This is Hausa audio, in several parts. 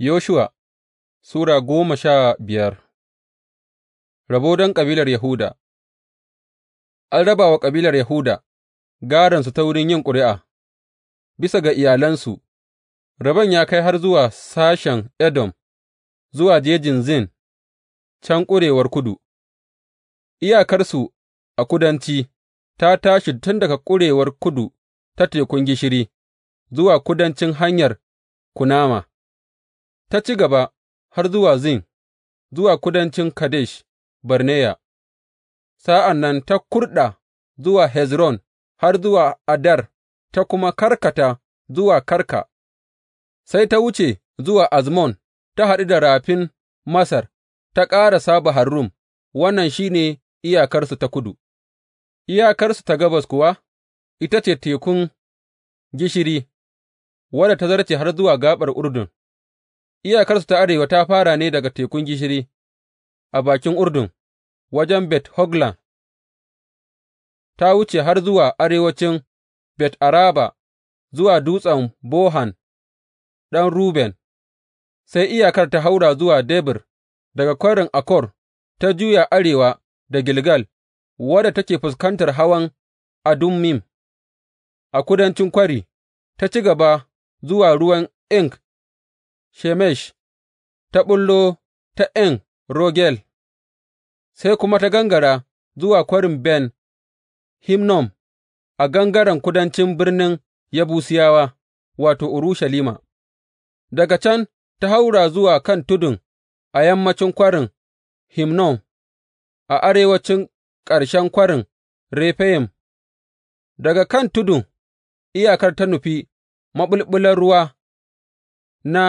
Yoshuwa Sura goma sha biyar Rabo don kabilar Yahuda An raba wa kabilar Yahuda gādonsu ta wurin yin ƙuri'a, bisa ga iyalansu, rabon ya kai har zuwa sashen Edom, zuwa jejin Zin, can ƙurewar kudu, iyakarsu a kudanci ta tashi tun daga ƙurewar kudu ta tekun gishiri zuwa kudancin hanyar kunama. ta ci gaba har zuwa Zin, zuwa kudancin Kadesh Barneya, sa'an nan ta kurɗa zuwa Hezron har zuwa Adar, ta kuma karkata zuwa Karka, sai ta wuce zuwa Azmon, ta haɗu da rafin Masar, ta ƙarasa Bahar Rum, wannan shi ne iyakarsu ta kudu, iyakarsu ta gabas kuwa ita ce tekun gishiri, wadda ta zarce har zuwa gaɓar Urdun. Iyakarsu ta arewa ta fara ne daga Tekun Gishiri a bakin Urdun, wajen Bet Hogla, ta wuce har zuwa arewacin Bet Araba, zuwa dutsen Bohan ɗan Ruben, sai iyakar ta haura zuwa Debir, daga kwarin Akor ta juya arewa da Gilgal, wadda take fuskantar hawan Adummim a kudancin kwari, ta ci gaba zuwa ruwan ink Shemesh, ta ɓullo ta En Rogel, sai kuma ta gangara zuwa Kwarin Ben himnom a gangaren kudancin birnin Yebusiyawa, wato, Urushalima, daga can ta haura zuwa kan tudun a yammacin Kwarin Hinnom, a arewacin ƙarshen Kwarin Refayim, daga kan tudun iyakar ta nufi maɓulɓular ruwa na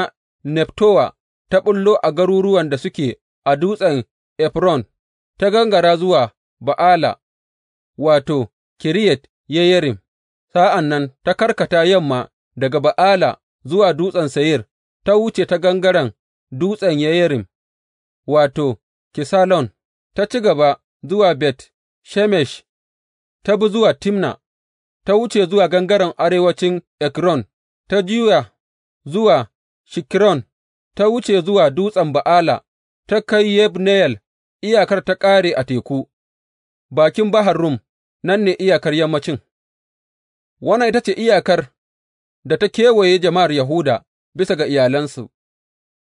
Neftowa ta ɓullo a garuruwan da suke a dutsen Efron, ta gangara zuwa Ba'ala wato, Kiriyat Yeyarim, sa'an nan ta karkata yamma daga Ba'ala zuwa Dutsen Seyir, ta wuce ta gangaren Dutsen Yeyarim wato, Kisalon, ta ci gaba zuwa Bet Shemesh, ta bi zuwa Timna, ta wuce zuwa gangaren arewacin Ekron, ta juya zuwa Shikron ta wuce zuwa dutsen Ba'ala ta kai Yabneyel, iyakar ta ƙare a teku, bakin Bahar Rum, nan ne iyakar yammacin. wannan ita ce iyakar da ta kewaye jama'ar Yahuda bisa ga iyalansu,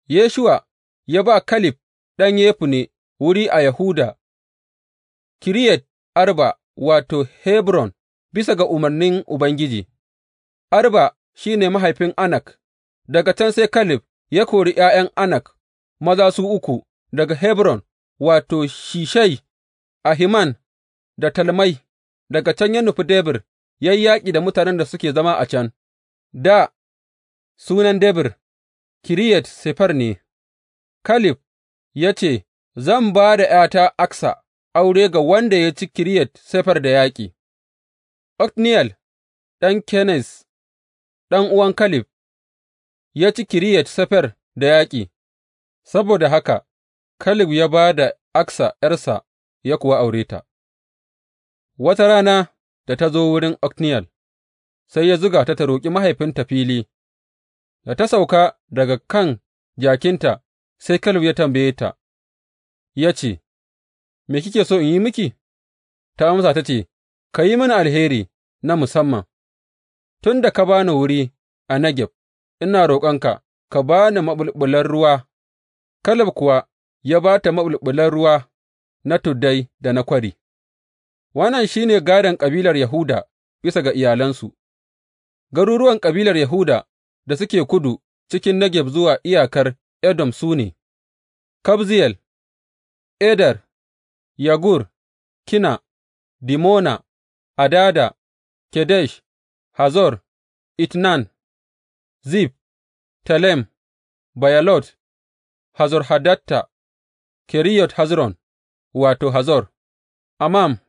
Yeshuwa ya ba Kalib ɗan Yefune wuri a Yahuda, Kiriyat Arba wato Hebron, bisa ga umarnin Ubangiji, Arba shi ne mahaifin Anak. Daga can sai Kaleb ya kori ’ya'yan Anak maza su uku daga Hebron, wato, Shishai, Ahiman da Talmai, daga can ya nufi Debir ya yi yaƙi da mutanen da suke zama a can, da sunan Debir, Kiriyat Sefer ne, Kaleb ya ce, Zan ba da ’yata Aksa aure ga wanda ya ci Kiriyat Sefer da yaƙi, Otniyel ɗan Kenes, uwan Kaleb, ya ci Kiriyat Sefer da yaƙi, saboda haka Kaleb ya ba da Aksa ’yarsa ya kuwa aure ta. Wata rana da ta zo wurin Otniyel, sai ya zuga ta ta roƙi mahaifinta fili, da ta sauka daga kan jakinta, sai Kaleb ya tambaye ta, ya ce, Me kike so in yi miki? Ta amsa ta ce, Ka yi mini alheri na musamman, tun da ka ba ni wuri a Negeb, ina roƙonka, ka ba ni maɓulɓulan ruwa, Kaleb kuwa ya ba ta maɓulɓulan ruwa na tuddai da na kwari. Wannan shi ne gādon kabilar Yahuda bisa ga iyalansu, garuruwan kabilar Yahuda da suke kudu cikin Negeb zuwa iyakar Edom su ne, Kabziyel, Eder, Yagur, Kina, Dimona, Adada, Kedesh, Hazor, Itnan, Zif, Telem, Bayalot, Hazor Hadatta, Keriyot hazron wato, Hazor, Amam,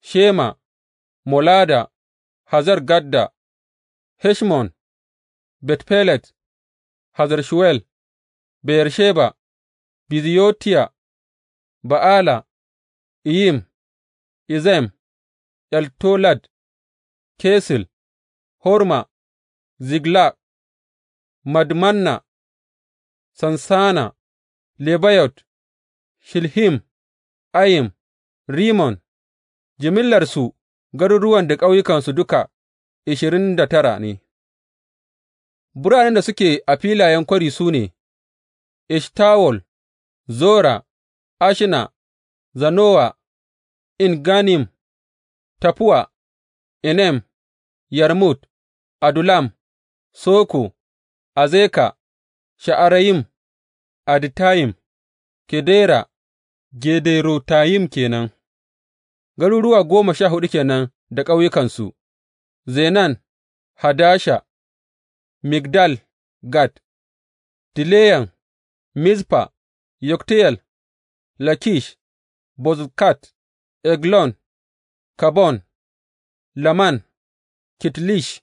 Shema, Molada, Hazar Gadda, Heshmon, Bet Hazar Shuel, Beersheba, Biziyotiya, Ba'ala, Iyim, Izem, Eltolad, Kesil, Horma, Ziglak. Madmanna, Sansana, Lebayot, Shilhim, Ayim, Rimmon, jimillarsu garuruwan da ƙauyukansu duka ashirin da tara ne, biranen da suke a filayen kwari su ne, Ishtawol Zora, Ashina, Zanowa, Inganim Tafuwa, Enem, Yarmut, Adulam, Soko, Azeka, Sha'arayim, Aditayim, Kedera, Gederotayim ke nan, garuruwa goma sha huɗu ke nan da ƙauyukansu, Zenan, Hadasha, Migdal Gad, Dileyan, Mizfa, Yokteyel, Lakish, Bozkat, Eglon, Kabon, Laman, Kitlish,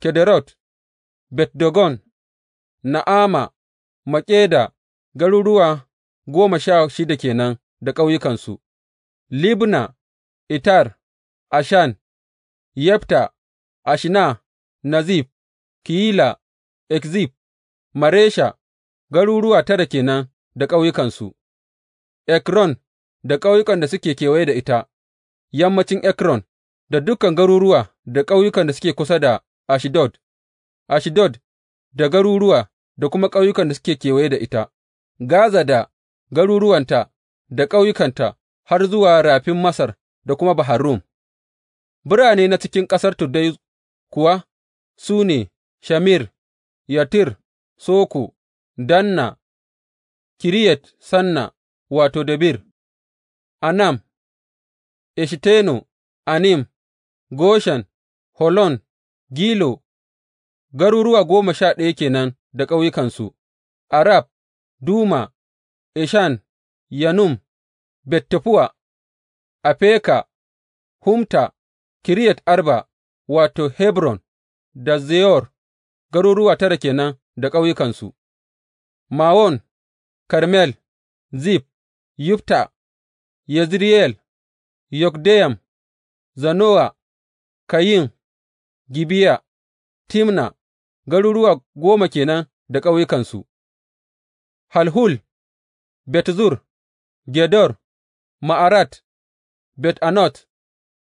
Kederot, Bet Dagon, Na'ama, Makkeda, garuruwa goma sha shida ke nan da ƙauyukansu, Libna, Itar, Ashan, Yefta, Ashina, Nazif, Kiyila, Ekzib, Maresha, garuruwa tara ke nan da ƙauyukansu, Ekron da ƙauyukan da suke kewaye da ita, yammacin Ekron da dukan garuruwa da ƙauyukan da suke kusa da Ashdod. Ashdod da garuruwa da kuma ƙauyukan da suke kewaye da ita, Gaza da garuruwanta da ƙauyukanta, har zuwa Rafin Masar da kuma Bahar birane na cikin ƙasar tuddai kuwa su ne Shamir, Yatir, Soko, Danna, Kiriyat Sanna wato, Debir, Anam, eshteno Anim, Goshen, Holon, Gilo garuruwa goma sha ɗaya ke nan da ƙauyukansu, Arab, Duma, Eshan, Yanum, Bet Taffuwa, Afeka, Humta, Kiriyat Arba, wato, Hebron da Zeyor, garuruwa tara ke nan da ƙauyukansu, Mawon, Karmel, Zif, Yufta, Yezriyel, Yokdeyam, Zanowa, Kayin, Gibeya, Timna, garuruwa goma ke nan da ƙauyukansu, Halhul, Bet Zur, Gedor, Ma'arat, Bet Anot,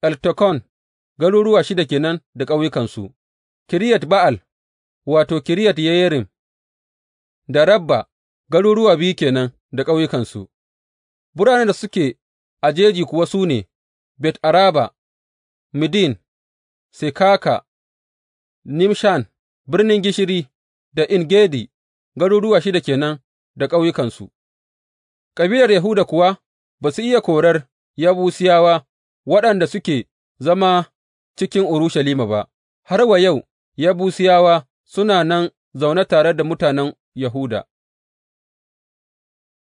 Eltekon, garuruwa shida ke nan da ƙauyukansu, Kiriyat Ba'al, wato, Kiriyat Yeyarim, da Rabba, garuruwa biyu ke nan da ƙauyukansu, biranen da suke a jeji kuwa su ne, Bet Araba, Midin, Sekaka, Nimshan. Birnin Gishiri da En Gedi, garuruwa shida ke nan da ƙauyukansu, kabilar Yahuda kuwa ba su iya korar Yabusiyawa waɗanda suke zama cikin Urushalima ba, har wa yau Yabusiyawa suna nan zaune tare da mutanen Yahuda.